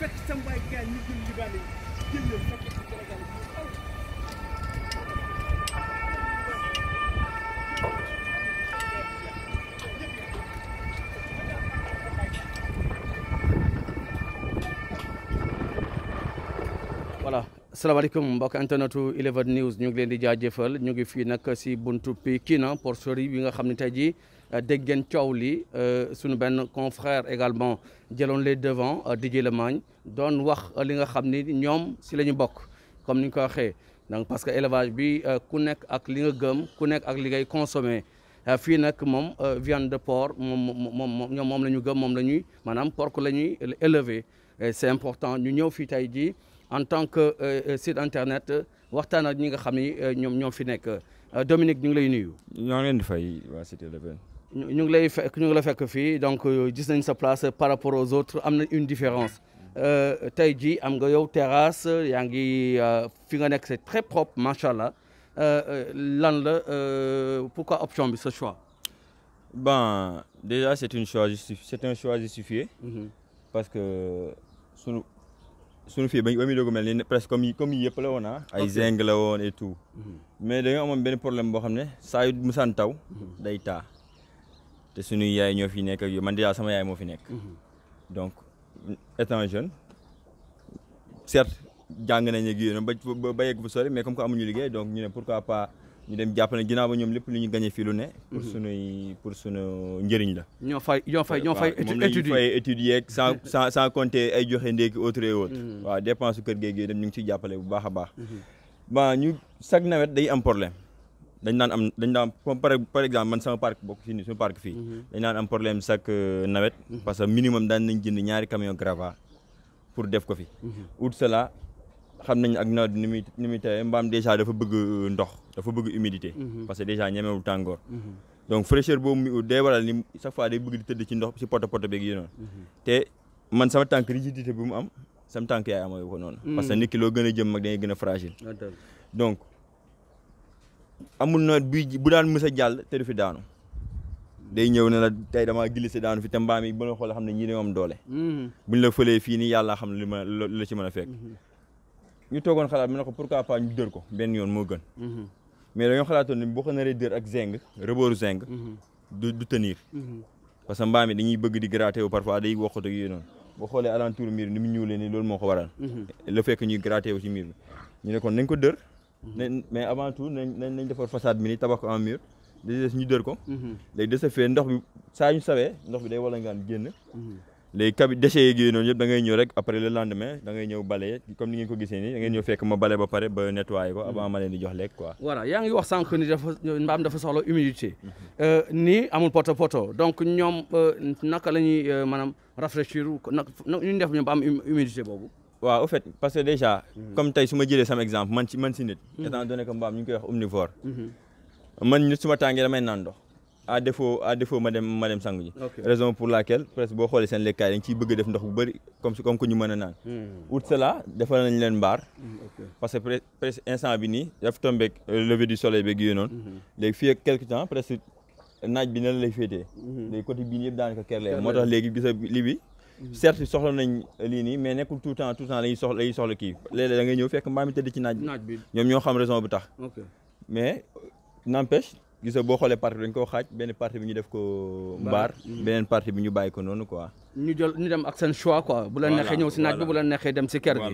fekk sa mbaay gaañ ñu jël libaane internetu 11 news ñu leen di jaajëfal ñu ngi fii nag si buntu Pikine porterie bi nga xam ne tey jii Euh, dégg ngeen coow li euh, suñu benn confrère également jëloon les devants euh, Didier Lemagne doon wax li nga xam ni ñoom si la ñu bokk comme ni ñu ko waxee donc parce que élévage bi ku nekk ak li nga gëm ku nekk ak li ngay consommer fii nag moom viande de porc moom moom ñoom moom la ñu gëm moom la ñuy maanaam porc la ñuy élever c'est important ñu ñëw fii tey jii en tant que site internet waxtaan ak ñi nga xam ni ñoom ñoo fi nekk Dominique ñu ngi lay nuyu. ñoo ngi leen di fay waa ñu ngi lay fekk ñu ngi la fekk fii donc euh, gis nañ sa place par rapport aux autres am na une différence euh, tey jii am nga yow terrasse yaa ngi euh, fi nga nekk c'est très prop macha allah lan la pourquoi option bi ce choix. bon déjà c'est une choix justifiée c'est un choix justifié. Mhm. parce que sunu sunu fii ba muy doog mel ni presque comme yi yëpp la woon ah. ay zinc la woon et tout. Mhm. mais dañoo amoon benn problème boo xam ne saa yu musaan taw mhm. day taa. te suñuy yaay ñoo fi nekk ak man déjà sama yaay moo fi nekk. Mhm. donc étant jeune certes jàng nañ ak yéen ba ba ba yegg bu sori mais comme que amuñu liggéey donc ñu ne pourquoi pas ñu dem jàpp ne ñoom lépp lu ñu gañee filu ne. pour mhm. suñuy pour suñu njëriñ la. ñoo fay ñoo fay ñoo fay étudier fay étudier yeeg sans sans sans compter ay joxe ndéki autre et autre. Mhm. waaw dépense kër geeg yooyu dem ñu ngi ciy jàppale bu baax a baax. bon ñu chaque nawet day am problème. dañ naan am dañ naan comme par exemple man sama parc bokk fii ni sama parc fii. Mhm. dañ naan am problème chaque euh, nawet. Mhm. parce que minimum daan nañ jënd ñaari camion grava pour def ko fi. Mhm. ut cela xam nañ ak nawet bi ni muy ni muy tawee mbaam dèjà dafa bëgg euh, ndox dafa bëgg humidité. parce que dèjà ñemewul tàngoor. donc fraîcheur boobu day waral ni chaque fois day bëgg di tëdd ci ndox ci poto poto beeg yi noonu. te man sama tànk rigidité bi mu am sama tànk yaay amoo ko noon parce que nit ki gën a jëm mag dangay gën a amul nawet buy bu daan mës a te du fi daanu day ñëw ne la tey damaa glissé daanu fi te mbaam yi ba la xool xam ne ñii dañoo am doole. Mhm. buñ la fëlee fii nii yàlla xam ne li ma la ci man a fekk. Mhm. ñu toogoon xalaat mu ne ko pourquoi pas ñu dër ko benn yoon moo gën. Mhm. mais dañoo xalaatoon ne boo ko naree dër ak zeng rebooru zeng. du du tenir. parce que mbaam yi dañuy bëgg di gratter wu parfois day waxatu ak noonu boo xoolee alentour miir ni mu ñuulee nii loolu moo ko waral. la fekk ñuy gratter wu ci miir ñu ne kon nañ mais avant tout nañ nañ nañ defar façade bi tabax ko en mur. dañuy des ñu dër ko. Mhm. léegi de ce fait ndox bi saa ñu sawee ndox bi day walangaan génn. Mhm. léegi kabi déchets yeeg yooyu noonu yëpp da ngay ñëw rek après le lendemain da ngay ñëw bale comme ni ngeen ko gisee nii da ngay ñëw fekk ma bale ba pare ba nettoyé ko avant ma di jox lekk quoi. voilà yaa ngi wax sànq ni dafa mbaam dafa soxla humidité. Mhm. Euh, nii amul poto poto donc ñoom euh, naka la ñuy euh, maanaam rafraîchir naka ñu def ñoom ba am boobu. waaw en fait parce que déjà. Mhm. comme tey su ma jëlee sama exemple man ci man si nit. Mhm. étant donné que mbaam ñu ngi koy wax omnivore. Mhm. man nit su ma tàngee damay naan ndox. à défaut ma dem ma dem sangu ji. raison pour laquelle presque boo xoolee seen lekkaay dañ ciy bëgg a def ndox bu bëri comme comme ku ñu mën a naan. ut cela defal nañ leen mbaar. parce que presque instant bi nii dafa tombé euh, lever du soleil beeg yooyu noonu. léegi fii ak quelque temps bi nan lay féetee. léegi côté moo tax léegi gis li certes soxla nañ lii nii mais nekkul tout temps tout temps lañuy soxla lañuy soxla kii léeg-léeg da ngay ñëw fekk mbaam mi ci naaj bi ñoom ñoo xam raison bu tax mais n'empêche gis nga boo xoolee parti bi ñu def ko mbaar mm. beneen parti bi ñu bàyyi ko noonu quoi ñu dem ak seen choix quoi bu la neexee ñëw si naaj bi bu la dem si ker gi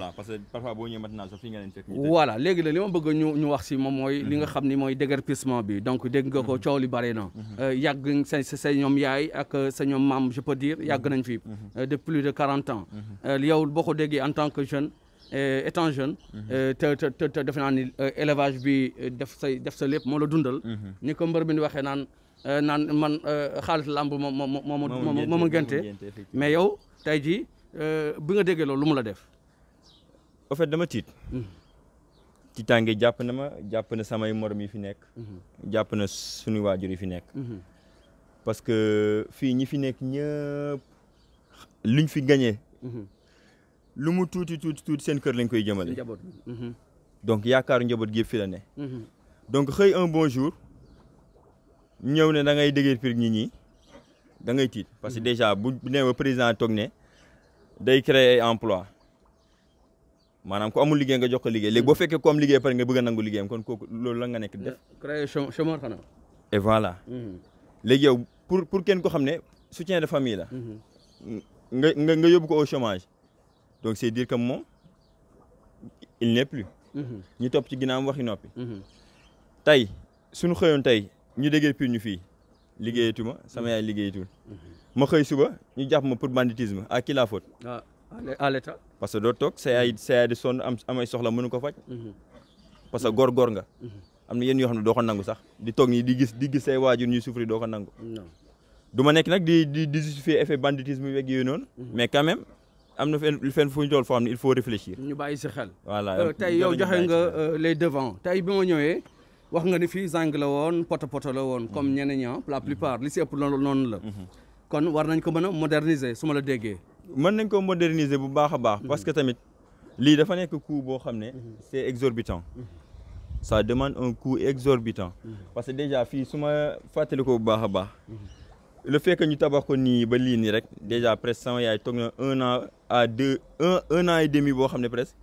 parfois boo ñëwee maintenant sax fi nga leen fekk voilà ñu ñu mooy li nga mhm. xam ni mooy déguerpissement bi donc dégg nga ko mhm. coow li bare na mhm. euh, yàgg sa sa ñoom yaay ak euh, sa ñoom maam je peux dire yàgg nañ fi euh, de plus de quarante ans yow boo ko en tant que jeune Euh, étant jeune. Mhm. Euh, te te te defe naa ni euh, élevage bi def say def sa lépp moo la dundal. Mhm. ni ko mbër bi ni waxee naan naan man xaalis làmb moo moo moo moo moo ngénte mais yow tey jii bi nga déggee loolu lu mu la def. au fait dama tiit. ci mhm. tànge jàpp na ma jàpp na samay morom yi fi nekk. jàpp na suñu waajur yi fi nekk. parce que fii ñi fi nekk ñëpp luñ fi gagné. lu mu tuuti tuuti tuuti seen kër lañ koy jëmale. Mhm. donc yaakaaru njaboot gi yëpp fi la ne. Mhm. donc xëy un bon jour ñëw ne da ngay déggee pir nit ñi da ngay tiit parce que mhm. déjà bu ne ba président toog ne day créer emploi maanaam ku amul liggéey nga jox ko liggéey léegi boo fekkee ku am liggéey pare nga bëgg a nangu liggéeyam kon kooku loolu la nga nekk def. Euh, créer chômeur xanaa. et voilà. léegi yow pour pour kenn ko xam ne soutien de famille la. nga nga nga yóbbu ko au chômage. donc c'est dire que moom il n'est plus. Mhm. ñu topp ci ginnaawam waxi noppi. Mhm. tey suñu xëyoon tey ñu déggee pur ñu fii liggéeyatu ma sama yaay liggéeyatul. Mhm. ma xëy suba ñu jàpp ma pour banditisme à kila la faute. ah à l'état parce que doo toog sa yaay sa yaay di sonn am amay soxla mënu ko faj. parce que gor góor nga. am na yenn yoo xam ne doo ko nangu sax di toog nii di gis di gis say waajur ñuy souffrir doo ko nangu. du ma nekk nag di di justifier effet banditisme yeeg yooyu noonu. mais quand am na fenn fenn fu ñu toll foo xam ne il faut réfléchir. ñu bàyyi si xel. voilà euh, tey yow joxe nga euh, les devants tey bi ma ñëwee. wax nga ni fii zang la woon poto poto la woon comme mhm. ñeneen ñi ah, la plupart li si ëpp loolu noonu la. Mhm. kon war nañ ko mën a moderniser su la déggee. mën nañ ko moderniser bu baax a baax. parce que mhm. tamit lii dafa nekk coût boo xam ne. c'est exorbitant. sa demande un coût exorbitant. parce que déjà fii suma ma fàttali ko bu baax a baax. le fait que ñu tabax ko nii ba lii nii rek déjà presque sama yaay toog na un an à demi boo xam ne presque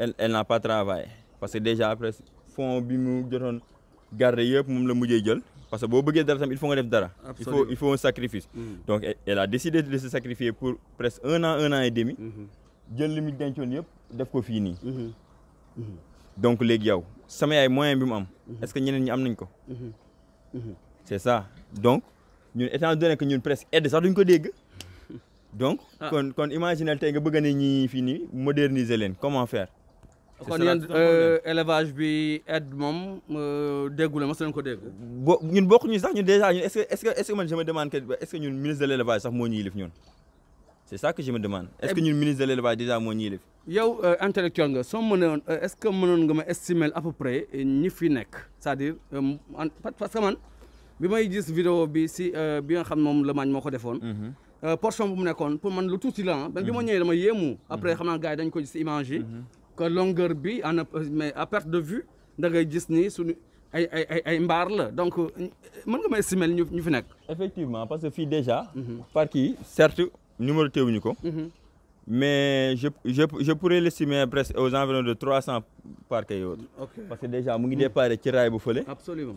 elle elle n'a pas travaillé parce que déjà presque fond bi mu jotoon garder yëpp moom la mujjee jël parce que boo bëggee dara tam il faut nga def dara. il faut il faut un sacrifice. Mm. donc elle a décidé de se sacrifier pour presque un an un an et demi. Mm-hmm. jël li mu dencoon yëpp def ko fii nii. Mm-hmm. Mm-hmm. donc léegi yow sama yaay moyen bi mu am. est que ñeneen ñi am nañ ko. c'est ça donc. ñun étant donné que ñun presque aide sax duñ ko dégg donc. Ah. kon kon imaginal tey nga bëgg ne ñii fii nii moderniser leen comment faire. kon yéen euh, élevage bi aide moom euh, déggu la mos leen ko dégg. bo ñun bokkuñu sax ñun déjà ñun est-ce que est-ce que est-ce que man je me demande que est-ce que ñun ministre de l'élevage sax moo ñu yilif ñun. c'est ça que je me demande est-ce que eh ñun ministre de l'élevage déjà moo ñu yilif. yow euh, intellectuel nga soo mënoon est-ce que mënoon nga ma estimer à peu près ñi fi nekk c'est-à-dire parce que man. bi may gis vidéo bi si euh, bi nga xam moom Lemagne moo ko defoon. Mhm. Euh, portion bu mu nekkoon pour man lu tuuti la ah. bi ma mhm. ñëwee dama yéemu. après mhm. xam naa gars yi dañ ko gis image yi. que bi en mais à perte de vue da ngay gis ni suñu ay ay ay mbaar la donc euh, mën nga may simel ñu ñu fi nekk. effectivement parce que fii déjà. parc yi certes numéroté wuñu ko. mais je je je pourrais l'estimer presque aux environs de trois cent parcs et parce que déjà mu ngi déparé ci raay bu fële. absolument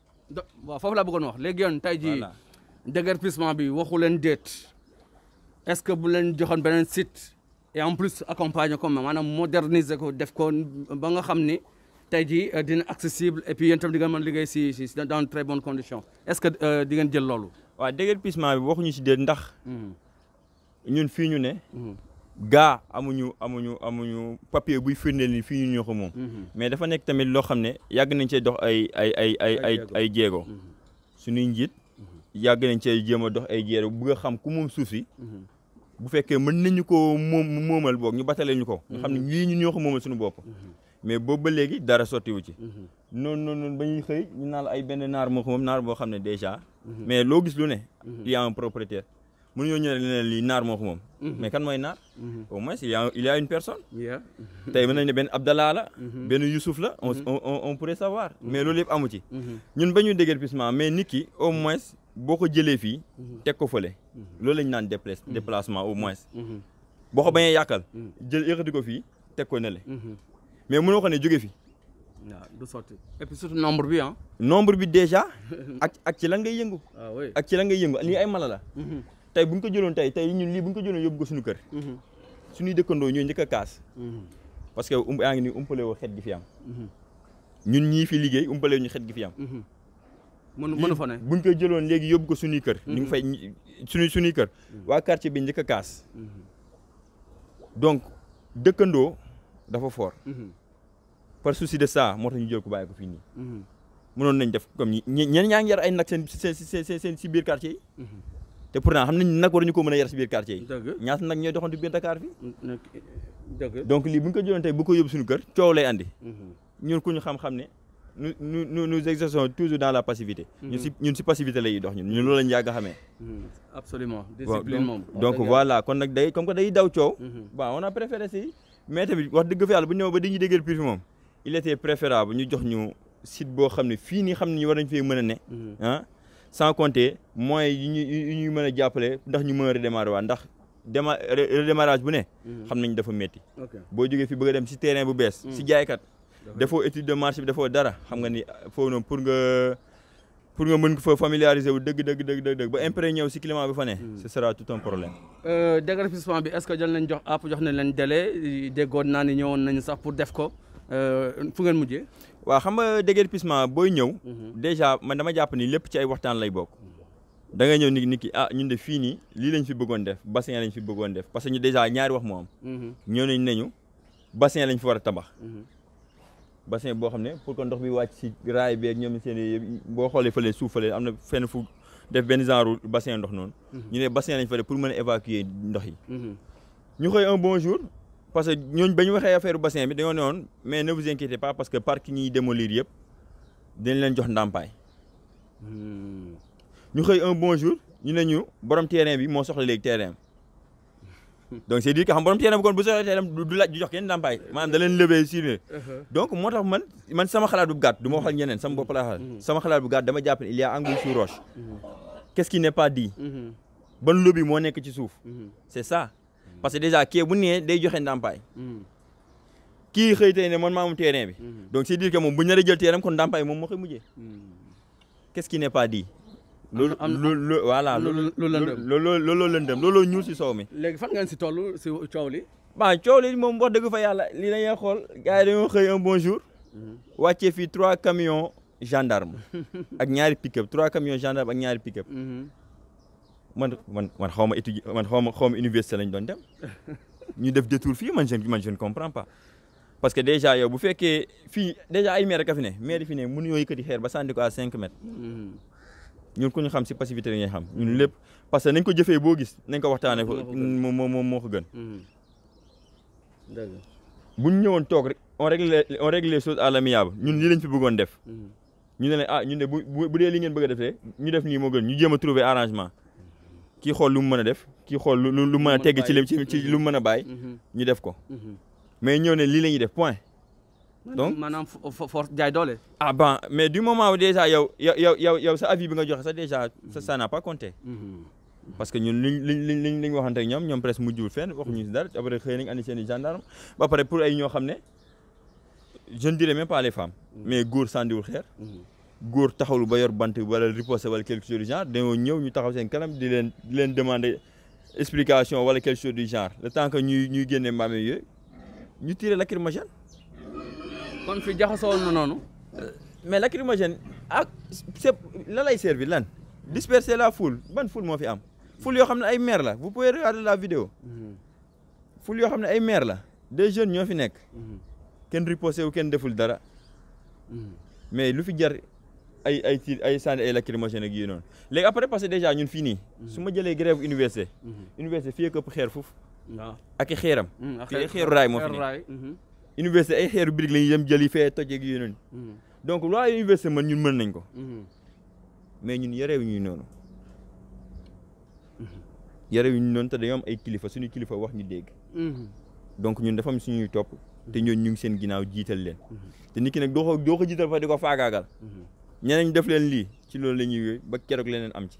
waaw foofu la bëggoon wax léegi yoon tey jii déguerpissement bi waxu leen déet est-ce que bu leen joxoon beneen site et en plus accompagner ko maanaam moderniser ko def ko ba nga xam ni tey jii euh, dina accessible et puis yéen itam di ngeen mën liggéey si si dans très bonnes conditions est-ce que euh, di jël loolu. waaw déguerpissement bi waxuñu si déet ndax. Hmm. ñun fii ñu ne. Hmm. gaa amuñu amuñu amuñu papier buy firndeel ni fii ñu ñoo moom. Mhm. mais dafa nekk tamit loo xam ne yàgg nañ cee dox ay ay ay ay ay ay jéego. Mhm. suñuy njiit mhm. yàgg nañ cee jéem a dox ay jéego bëgg a xam ku moom suuf si. bu fekkee mën nañu ko moom moomal boog ñu batale ñu ko. ñu xam ne lii ñu ñoo ko moomal suñu bopp. mais boobu ba léegi dara sottiwu ci. noonu noonu noonu ba ñuy xëy ñu naan ay benn naar moo moom naar boo xam ne déjà. mais loo gis lu ne. il y mën ñoo ñëw ne lii naar moo ko moom mhm. mais kan mooy naar mhm. au moins il y a il y a une personne tey ne benn Abdallah la mhm. benn Youssouf la on on pourrait mais loolu yépp amu ci ñun ba ñu déguerpissement mais nit ki au moins boo ko jëlee fii teg ko fële loolu lañ naan déplace déplacement au moins boo ko bañee yàqal jël yëkkati ko fii teg ko nele mais mënoo ko ne jóge fi waaw du nombre bi ah nombre bi déjà ak ak ci lan nga yëngu ah ak ci lan ngay yëngu lii ay mala la tey bu ñu ko jëloon tey tey ñun lii bu ñu ko jëloon yóbbu ko suñu kër suñuy dëkkandoo ñooy njëkk a kaas parce que um yaa ngi nii umpale woo xet gi fi am ñun ñii fi liggéey umpale ñu xet gi fi am mënu mënu bu ñu ko jëloon léegi yóbbu ko suñuy kër ñu ngi fay suñu suñuy waa quartier bi njëkk a kaas donc dëkkandoo dafa fort par souci de ça moo tax ñu jël ko bàyyi ko fii nii mënoon nañ def comme ñi ñenn ñaa ngi yar ay nag seen si biir quartier te pourtant xam nañ nag waruñu ko mën a yar si biir quartier yi ñaata nag ñooy doxantu biir Dakar fii donc lii bu ñu ko jëloon tey bu ko yóbbu suñu kër coow lay andi mhm. ñun ku ñu xam-xam ne nous nous nous exerçons toujours dans la passivité mhm. ñun si ñun si passivité lay dox ñun ñun loolu lañ yàgg a xamee mhm. absolument discipline moom donc voilà kon nag day comme que day daw coow bon on a préféré si mais tamit wax dëgg fa yàlla bu ñëw ba dañuy déggal pur fi moom il était préférable ñu jox ñu site boo xam ne fii nii xam ne ñu war nañ fee mën a ne sans compter moyens yi ñu yi ñuy mën a jàppale ndax ñu mën a redémarrer waa ndax déma redémarrage bu ne. Mhm. xam nañ dafa métti. boo jógee fi bëgg a dem si terrain bu bees. si mhm. jaaykat dafoo étude de marché bi dafoo dara xam nga ni ah, foofu noonu pour nga. pour nga mën ko fa familiariser wu dëgg dëgg dëgg dëgg ba imprégné ñëw si climat bi fa ne. Mhm. ce sera tout un problème. Euh, dégrafissement bi est que jël nañ jox àpp jox nañ leen délai déggoon naa ne ñëwoon nañ sax pour def ko euh, fu ngeen mujjee. waaw xam nga déguerpissement booy ñëw. Mhm. déjà man dama jàpp nii lépp ci ay waxtaan lay bokk. da nga ñëw ni ni ki ah ñun de fii nii lii lañ fi bëggoon def bassin lañ fi bëggoon def parce que ñu déjà ñaari wax moo am. Mhm. ñëw nañ nañu bassin lañ fi war a tabax. Mhm. bassin boo xam ne pour que ndox bi wàcc si raay beek ñoom seen boo xoolee fële suuf fële am na fenn fu def benn genre bassin ndox noonu. ñu ne bassin lañ fa def pour mën a évacuer ndox yi. ñu xëy parce que ñooñ ba ñu waxee affaire bassin bi dañoo ne woon mais ne vous inquiétez pas parce que parc ñuy démolir yëpp dañ leen jox ndàmpaay. Hmm. ñu xëy un bon jour ñu ne ñu borom terrain bi moo soxla léegi terrain donc c' dire que xam borom terrain bi kon bu soxla terrain du du laaj du jox kenn ndàmpaay maanaam da leen lever sur uh-huh. donc moo tax man man sama xalaat bu gàtt du ma waxal ñeneen sama bopp laa xalaat. Hmm. sama xalaat bu gàtt dama jàpp ne il y a sous roche. Hmm. qu' est qui ban lobby moo nekk ci suuf. ça. parce que déjà kii bu nee day joxe ndàmpaay. Hmm. kii xëy tey ne man moom terrain bi. Hmm. donc c'est dire que moom bu ñu la jël terrain kon ndàmpaay moom moo koy mujjee. Hmm. qu'est-ce qui pas dit. loolu loolu voilà loolu loolu loolu lëndëm si soow mi. léegi fan ngeen si toll si coow li. waaw moom wax dëgg fa yàlla li dañuy xool gars yi dañoo un bon jour. wàccee fii trois camions gendarme ak ñaari pick-up trois camions gendarme ak ñaari pick-up. man man man xaw ma étudier man xaw ma xaw ma université lañ doon dem ñu def détour fii man je man je ne pas parce que déjà yow bu fekkee fii déjà ay maire ka fi ne maire fi ne mënuñoo yëkkati xeer ba sànni ko à cinq mètres mm-hmm. ñun ko ñu xam si passivité la ñuy xam ñun lépp parce que nañ ko jëfee boo gis nañ ko waxtaanee ko moom moom moo ko bu mm-hmm. buñ ñëwoon toog rek on règle on règle les choses à ñun lii lañ fi bëggoon def mm-hmm. ñu ne leen ah ñu ne bu bu dee li ngeen bëgg defee ñu def nii moo gën ñu jëm a trouver arrangement kii xool lu mu mën a def ki xool lu lu mën a tegg ci ci lu mu mën a mhm. ñu def ko mhm. mais ñëw ne lii la ñuy def point donc maanaam force jaay doole ah ben mais du moment déjà yow yow yow yow yow sa avis bi nga joxe sa déjà sa mhm. ça n'a pas compté parce que ñun li liñ liñ liñ liñ waxante ak ñoom ñoom presque mujjul fenn waxuñu si dara après xëy nañ andi seen gendarme ba pare pour ay ñoo xam ne je ne dirais même pas les femmes mais góor sandiwul xeer góor taxawul ba yor bant wala riposé wala quelque chose du genre dañoo ñëw ñu taxaw seen kanam di leen di leen demander explication wala quelque chose du genre le temps que ñuy ñuy génne mbaam yooyu ñu tiré lacrymogène. kon fi jaxasoo na noonu. mais lacrymogène ak c'est la lay servir lan disperser la foule ban foule moo fi am foule yoo xam ne ay maire la vous pouvez regarder la vidéo mhm. foule yoo xam ne ay maire la des jeunes ñoo fi nekk. Mhm. kenn riposé wu kenn deful dara. Mhm. mais lu fi jar. ay ay ci ay sànni ay lacrymogène ak yii noonu léegi après parce que déjà ñun fii nii. Mhm. su ma jëlee grève université. Mhm. université fii ak ëpp xeer foofu. ak i xeeram. Mhm, fii xeer xeeru raay moo fi nii université ay xeeru brique la ñuy dem jëli fee toj donc loo université mën ñun mën nañ ko. mais ñun yareewu ñu noonu. yareewu ñu noonu te dañoo am ay kilifa suñu kilifa wax ñu dégg. ñun dafa am suñuy topp. te ñooñu ñu ngi seen ginnaaw jiital leen. te nit ki nag doo ko jiital fa di ko faagaagal. ñeneen def leen lii ci loolu la ba keroog leneen am ci.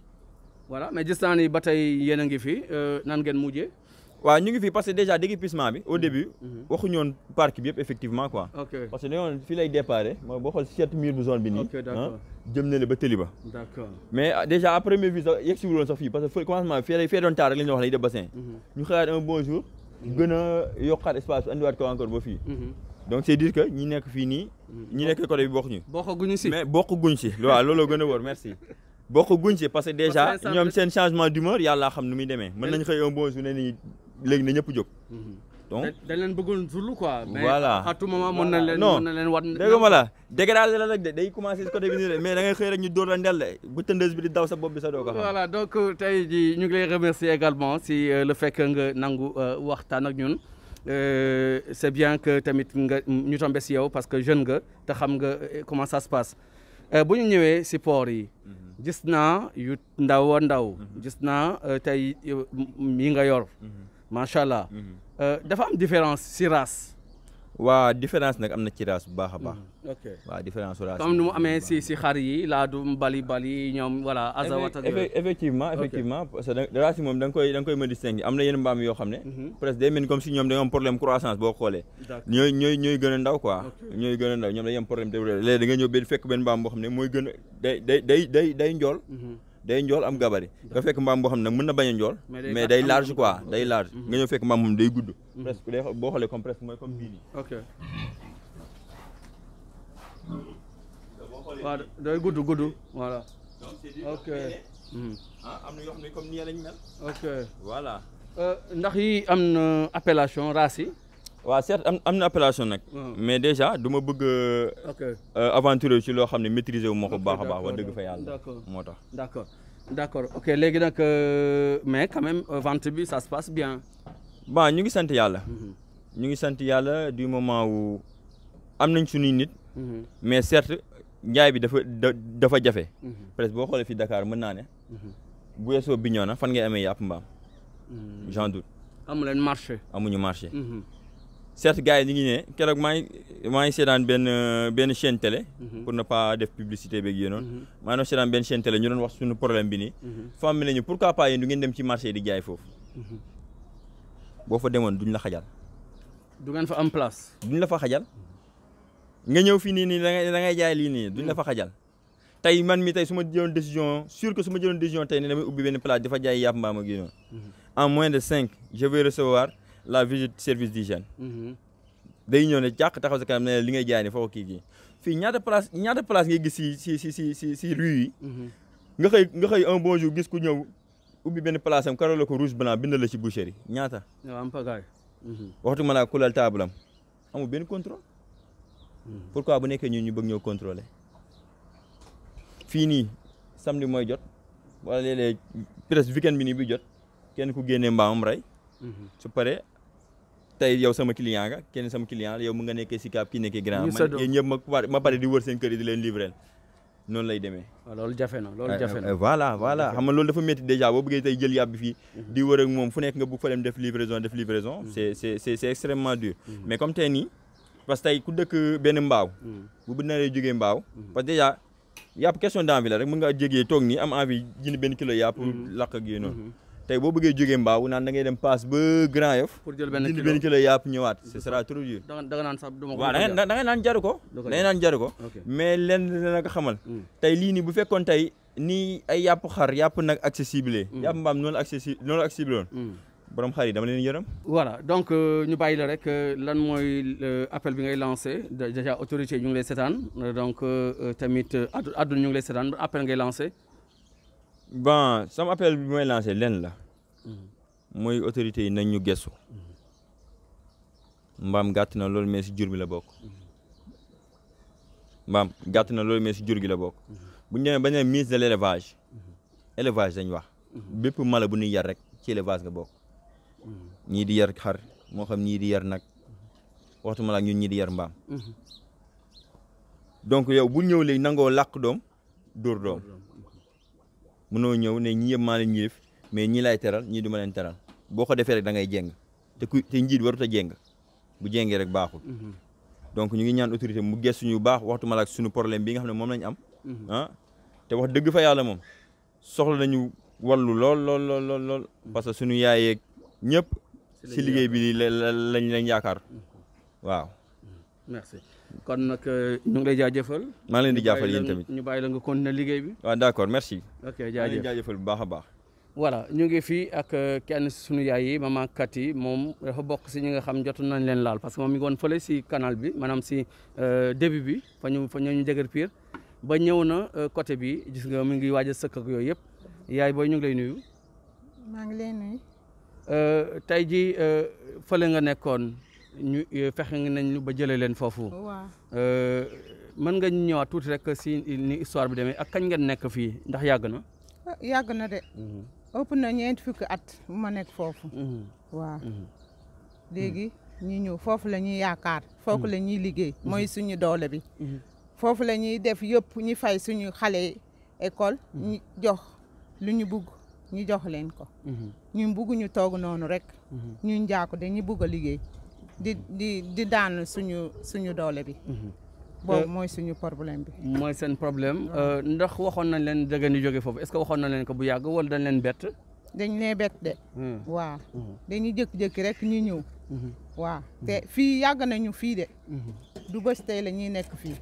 voilà mais gis naa ni ba tey yéen ngi fi euh, nan ngeen waaw ñu ngi fi parce que déjà déguerpissement bi au mm-hmm. début. Mm-hmm. waxuñu woon bi yëpp effectivement quoi. parce que dañoo fii lay déparé mooy boo xool sept murs bu zone bi nii. Ah, jëm na le ba Tëliba. d'accord mais ah, déjà à première vue sax si wuloon sax fii parce que commencement fii lay doon taal rek la ñuy wax lay def bassin. Mm-hmm. ñu xalaat un bon jour. donc c'est dire que ñu nekk fii nii. ñu nekk côté bi bokkuñu. bokkaguñu si mais bokkaguñ si waaw looloo gën a wóor merci. bokkaguñ si parce que déjà ñoom seen changement d'humeur yàlla xam nu muy demee mën nañ xëy un bon jour ne nii léegi na ñëpp jóg. donc dañ leen bëggoon zullu quoi. voilà mais à tout moment mën na leen mën leen wat. dégg nga la la nag de day commencé côté bi nii mais da ngay xëy rek ñu dóor la ndel de bu bi di daw sa bopp bi sa doo ko xam. voilà donc euh, tey jii ñu ngi lay si euh, le fait que nga nangu euh, waxtaan ak ñun. Euh, c'est bien que tamit nga ñu tombe si yow parce que jeune nga te xam nga euh, comment ça se passe euh, bu ñu ñëwee si port yi mhm. naa yu ndaw a mhm. gis naa tey mii nga yor mhm. macha allah dafa am différence si race waa différence nag am na ci race bu baax a baax. Hmm, waa différence su moom da koy da nga am na yenn mbaam yoo xam ne. Mhm. presque day mel comme si ñoom dañoo problème croissance boo xoolee. ñooy gën a ndaw quoi. ñooy gën a ndaw ñoom dañuy am problème développé léegi da nga ñëw benn fekk benn mbaam boo xam ne mooy gën day day njool. Mhm. day njool am gabari nga fekk mbaam boo xam nag mën na bañ a njool mais day large quoi day large mhm. nga ñëw fekk mbaam moom day gudd mhm. presque day boo xoolee comme presque ok na yoo xam voilà euh, ndax yi am appellation race waaw certes am am na appellation nag. Ah. mais déjà duma bëgg a. Euh, aventurer ci loo xam ne maîtriser wu ma ko baax a baax. wax dëgg fa yàlla moo tax. d' accord d' accord ok léegi nag euh, mais quand même euh, bi ça se passe bien. bon ñu ngi sant yàlla. Mhm. ñu ngi sant yàlla du moment wu am nañ suñuy nit. Mhm. mais certes njaay bi dafa dafa jafe. Mhm. presque boo xoolee fii Dakar mën naa ne. bu weesoo Bignona fan ngay amee yàpp mbaam. j'en doute. amu leen marché. amuñu marché. certes gars yi ñu ngi ne keroog maa ngi maa ngi benn benn chaîne télé. Mhm. pour ne pas def publicité beeg yéen noonu. Mhm. maa ngi benn chaîne télé ñu doon wax suñu problème bi nii. Mhm. femme bi nañu pourquoi pas yéen du ngeen dem ci marché di jaay foofu. boo fa demoon duñ la xajal. du ngeen fa am place. duñ la fa xajal nga ñëw fii nii nii da ngay da ngay jaay lii nii duñ la fa xajal. tey man mi tey su ma jëloon décision sur que su ma jëloon décision tey ne damay ubbi benn place dafa jaay yàpp en moins de cinq je la visite service d'hygiène mhm. day ñëw ne jàq taxaw sa kanam ne li ngay jaay ni kii gii fii ñaata place ñaata place gis si si si si si mhm. nga xëy nga xëy gis ku ñëw ubbi benn place am karole ko rouge blanc bind la ci boucherie ñaata mhm. waxtu ma laa kulal table am amul benn contrôle pourquoi bu nekke ñun ñu bëgg ñoo contrôler fii nii samedi mooy jot wala léeg-léeg bi ni bi jot kenn ku génnee mbaam rey Mm-hmm. su paree tey yow sama client nga kenn sama client la yow mu nga nekkee Sicap kii nekkee Grand man yéen ñëpp ma ma di wër seen kër yi di leen livreel noonu lay demee. loolu jafe na loolu eh, jafe na eh, eh, voilà voilà xam nga loolu dafa métti déjà boo bëggee tey jël yàbbi fii. Mm-hmm. di wër ak moom fu nekk nga bugg fa dem def livraison def livraison. Mm-hmm. mais comme nii parce que ku dëkk benn mbaaw. bu bu naree jógee mbaaw. parce que déjà yàpp question d'envie la mën nga jégee toog nii am benn kilo yàpp. lakk ak yooyu noonu. tey boo bëggee jógee mbaaw naan da dem paas ba Grand Yoff. pour jël benn kilo benn kilo yàpp ñëwaat ce trop dur. da naan sax duma ko. waaw da ko. da nga naan jaru ko mais lenn xamal. Hmm. tey lii nii bu fekkoon tey nii ay yàpp xar yàpp nag accessible. Hmm. yàpp mbaam noonu accessi noonu accessible woon. Hmm. borom xar yi dama leen yërëm. voilà donc euh, ñu bàyyi la rek euh, lan mooy euh, appel bi ngay lancé déjà autorité ñu ngi setaan seetaan donc tamit addu ñu ngi lay seetaan appel ngay lancé. bon sama appel bi may lancé leen la mooy autorité yi nañ ñu gëstu mbaam gàtt na loolu mais si jur bi la bokk mbaam gàtt na loolu mais si jur gi la bokk bu ñu demee ba ne ministre élevage élevage dañ wax bépp mala bu ñuy yar rek ci élevage nga bokk ñii di yar xar moo xam ñii di yar nag waxtu ma la ñun ñii di yar mbaam mhm. donc yow bu ñëw léegi nangoo lakk doom dóor doom mënoo ñëw ne ñi yëpp maa leen yilif mais ñii laay teral ñii du ma leen teral boo ko defee rek da ngay jéng te ku te njiit warut a jeng bu jéngee rek baaxul mhm. donc ñu ngi ñaan autorité mu gëstuñu bu baax waxtu ma la ak suñu problème bi nga xam ne moom lañu am mhm. ah, te wax dëgg fa yàlla moom soxla nañu wallu lool lool lool lool lool mhm. parce que suñu yaayeeg ñëpp si liggéey bi lañ lañ yaakaar waaw kon nag euh, ñu ngi lay jaajëfal. maa ngi leen di jaajëfal yéen tamit ñu bàyyi la nga continuer liggéey bi. waaw ah, d'accord merci. ok jaajëf maa baax a baax. voilà ñu ngi fii ak euh, kenn suñu yaay ma maman Kati moom dafa bokk si ñi nga xam jotoon nañ leen laal parce que moom mi ngi woon fële si canal bi maanaam si euh, début bi fa ñu fa ñu jëgër piir ba ñëw na côté bi gis nga mu ngi waaj a sëkk yooyu yëpp yaay booy ñu ngi lay nuyu. maa ngi lay nuyu. tey jii fële nga nekkoon. ñu euh, fexe nañ ba jëlee leen foofu. Oh, euh, mën nga ñëwaat tuuti rek si ni histoire bi demee ak kañ ngeen nekk fii ndax yàgg na. Ah, yàgg na de. Mhm. ëpp na ñeenti fukki at bu ma nekk foofu. Mhm. waaw mhm. léegi ñu ñëw foofu la ñuy yaakaar. foofu la ñuy liggéey. mooy suñu doole bi. foofu la ñuy def yëpp ñu fay suñu xale école. ñu jox lu ñu bugg ñu jox leen ko. ñu bugg ñu toog noonu rek. ñu njaaku de ñu bugg a liggéey. di di di daanal suñu suñu doole bi. Mhm. boobu euh, mooy suñu problème bi. mooy seen problème euh, ndax waxoon nañ leen da ngeen di jóge foofu est-ce que waxoon nañ leen ko bu yàgg wala dañ leen bet dañ leen bet de. Hmm. waaw hmm. dañuy jékki-jékki rek ñu ñëw. Hmm. waaw te fii yàgg nañu fii de. du bës tey la ñuy nekk fii.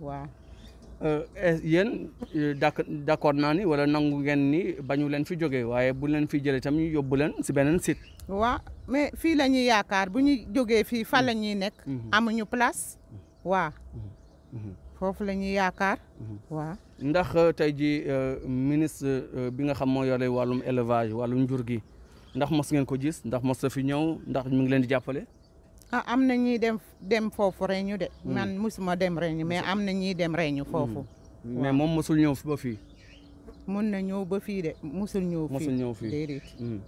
waaw. Euh, yéen euh, d' accord naa ni wala nangu ngeen ni bañu leen fi jógee waaye bu leen fi jëlee tam ñu yóbbu leen si beneen sit waa mais fii la ñuy yaakaar bu ñu jógee fii fan la ñuy nekk. Mm-hmm. Mm-hmm. amuñu place mm-hmm. waaw. foofu la ñuy yaakaar. waaw ndax euh, tey jii ministre bi nga xam mooy yore wàllum élevage wàllum njur gi ndax mos ngeen ko jis ndax mos fi ñëw ndax mi ngi leen di jàppale. a ah, am na ñuy dem dem foofu reñu de. Hmm. man musuma dem reñu mais am na ñuy dem reñu hmm. foofu. mais moom musul ñëw ba fii. mun na ñëw ba fii de musul ñëw. musul ñëw fii hmm.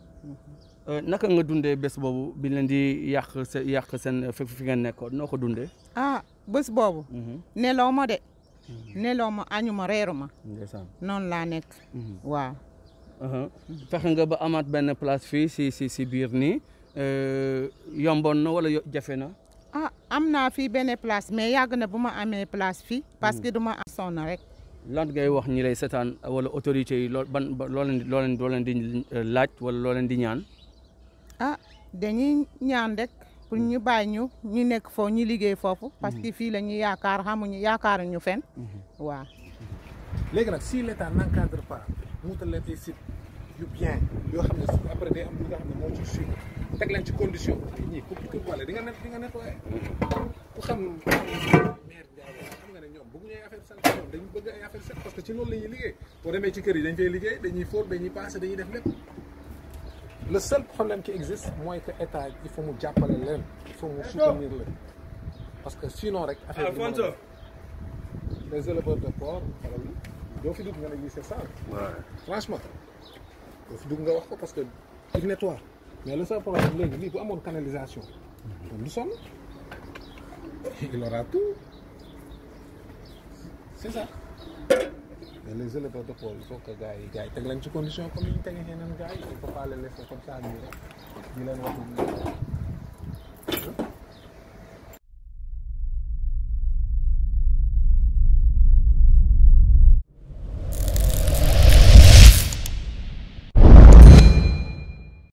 Euh, naka nga dundee bés boobu bi leen di yàq seen yàq seen fi ngeen nekkoon noo ko dundee. a ah, bés boobu. neloo ma de. neloo ma añu ma reeru ma. non laa nekk. waaw. Uh-huh. fexe nga ba amaat benn place fii si si si biir nii. Euh, yomboon na wala jafe na. ah am naa fii benn place mais yàgg na bu ma amee place fii. parce hmm. que du am sonn rek. lan ngay wax ñi lay seetaan wala autorités yi loo ban loo leen loo leen leen di laaj wala loo leen di ñaan. ah dañuy ñaan rek pour hmm. ñu baay ñu ñu nekk foofu ñu liggéey foofu. parce hmm. que fii la ñuy yaakaar xamuñu yaakaaruñu fenn. waaw. léegi nag si l'état n'encadre pas mu teg leen ci condition ñii ku ku boole di nga net di nga nettoyé ku xam xam nga ne ñoom bëgguñu ay affaire sale ñoom dañu bëgg ay affaire parce que ci loolu la ñuy liggéey boo demee ci kër yi dañ fay liggéey dañuy fóot dañuy passé dañuy def lépp le seul problème qui existe mooy que état il faut mu jàppale leen il faut mu soutenir leen parce que sinon rek affaire bi les éleveurs de porc xolal doo fi dugg nga ne lii c'est sale franchement doo fi dugg nga wax ko parce que il nettoie mais le seul problème léegi lii bu amoon canalisation kon du sonn il aura tout c'est ça mais les éleveurs de pôle il faut que gars yi gars yi teg leen ci condition comme ni ñu tegee ñeneen gars yi il faut pas les laisser comme ça nii rek di leen wax